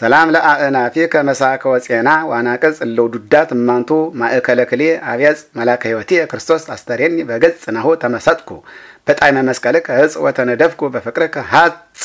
ሰላም ለአእናፌ ከመሳከ ወፄና ዋና ቅጽ ለው ዱዳት እማንቱ ማእከለ ክሌ አብያጽ መላከ ህይወቴ ክርስቶስ አስተሬኒ በገጽ ናሁ ተመሰጥኩ በጣይመ መስቀልከ ዕፅ ወተነደፍኩ በፍቅርከ ሀት